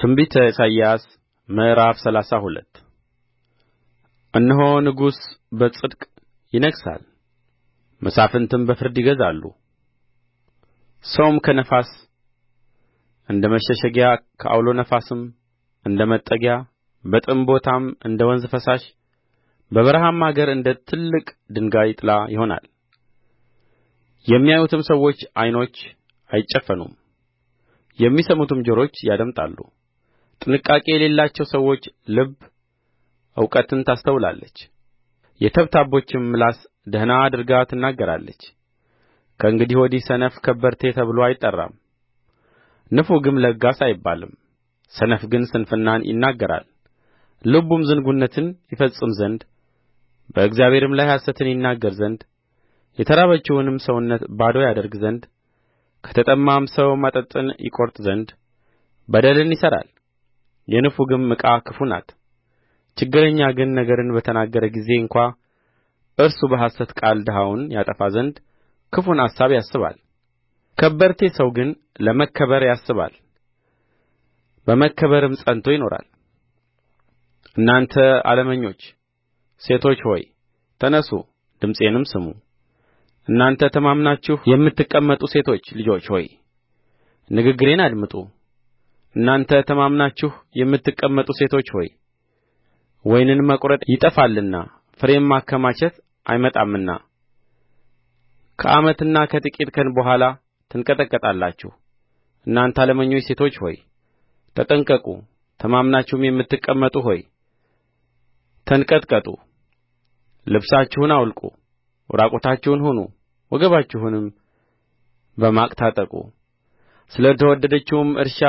ትንቢተ ኢሳይያስ ምዕራፍ ሰላሳ ሁለት እነሆ ንጉሥ በጽድቅ ይነግሣል መሳፍንትም በፍርድ ይገዛሉ ሰውም ከነፋስ እንደ መሸሸጊያ ከዐውሎ ነፋስም እንደ መጠጊያ በጥም ቦታም እንደ ወንዝ ፈሳሽ በበረሃም አገር እንደ ትልቅ ድንጋይ ጥላ ይሆናል። የሚያዩትም ሰዎች ዓይኖች አይጨፈኑም፣ የሚሰሙትም ጆሮች ያደምጣሉ፣ ጥንቃቄ የሌላቸው ሰዎች ልብ እውቀትን ታስተውላለች የተብታቦችም ምላስ ደህና አድርጋ ትናገራለች ከእንግዲህ ወዲህ ሰነፍ ከበርቴ ተብሎ አይጠራም ንፉግም ለጋስ አይባልም ሰነፍ ግን ስንፍናን ይናገራል ልቡም ዝንጉነትን ይፈጽም ዘንድ በእግዚአብሔርም ላይ ሐሰትን ይናገር ዘንድ የተራበችውንም ሰውነት ባዶ ያደርግ ዘንድ ከተጠማም ሰው መጠጥን ይቈርጥ ዘንድ በደልን ይሠራል የንፉግም ዕቃ ክፉ ናት ችግረኛ ግን ነገርን በተናገረ ጊዜ እንኳ እርሱ በሐሰት ቃል ድሀውን ያጠፋ ዘንድ ክፉን አሳብ ያስባል ከበርቴ ሰው ግን ለመከበር ያስባል በመከበርም ጸንቶ ይኖራል እናንተ ዓለመኞች ሴቶች ሆይ ተነሡ ድምፄንም ስሙ እናንተ ተማምናችሁ የምትቀመጡ ሴቶች ልጆች ሆይ ንግግሬን አድምጡ እናንተ ተማምናችሁ የምትቀመጡ ሴቶች ሆይ ወይንን መቍረጥ ይጠፋልና ፍሬም ማከማቸት አይመጣምና ከዓመትና ከጥቂት ቀን በኋላ ትንቀጠቀጣላችሁ እናንተ ዓለመኞች ሴቶች ሆይ ተጠንቀቁ ተማምናችሁም የምትቀመጡ ሆይ ተንቀጥቀጡ ልብሳችሁን አውልቁ ዕራቁታችሁን ሁኑ ወገባችሁንም በማቅ ታጠቁ ስለ ተወደደችውም እርሻ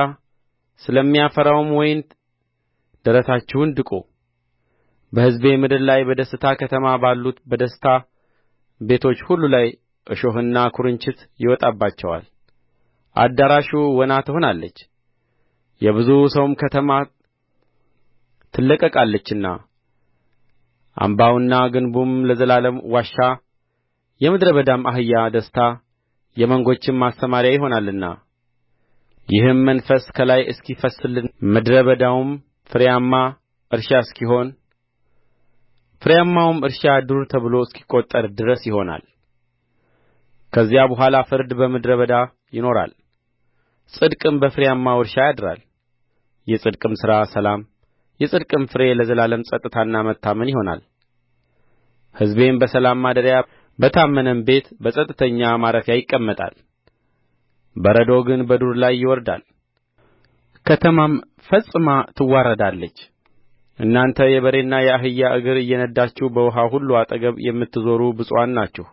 ስለሚያፈራውም ወይን ደረታችሁን ድቁ በሕዝቤ ምድር ላይ በደስታ ከተማ ባሉት በደስታ ቤቶች ሁሉ ላይ እሾህና ኵርንችት ይወጣባቸዋል አዳራሹ ወና ትሆናለች የብዙ ሰውም ከተማ ትለቀቃለችና አምባውና ግንቡም ለዘላለም ዋሻ የምድረ በዳም አህያ ደስታ የመንጎችም ማሰማርያ ይሆናልና ይህም መንፈስ ከላይ እስኪፈስስልን ምድረ በዳውም ፍሬያማ እርሻ እስኪሆን ፍሬያማውም እርሻ ዱር ተብሎ እስኪቈጠር ድረስ ይሆናል ከዚያ በኋላ ፍርድ በምድረ በዳ ይኖራል ጽድቅም በፍሬያማው እርሻ ያድራል የጽድቅም ሥራ ሰላም የጽድቅም ፍሬ ለዘላለም ጸጥታና መታመን ይሆናል ሕዝቤም በሰላም ማደሪያ በታመነም ቤት በጸጥተኛ ማረፊያ ይቀመጣል በረዶ ግን በዱር ላይ ይወርዳል ከተማም ፈጽማ ትዋረዳለች እናንተ የበሬና የአህያ እግር እየነዳችሁ በውኃ ሁሉ አጠገብ የምትዞሩ ብፁዓን ናችሁ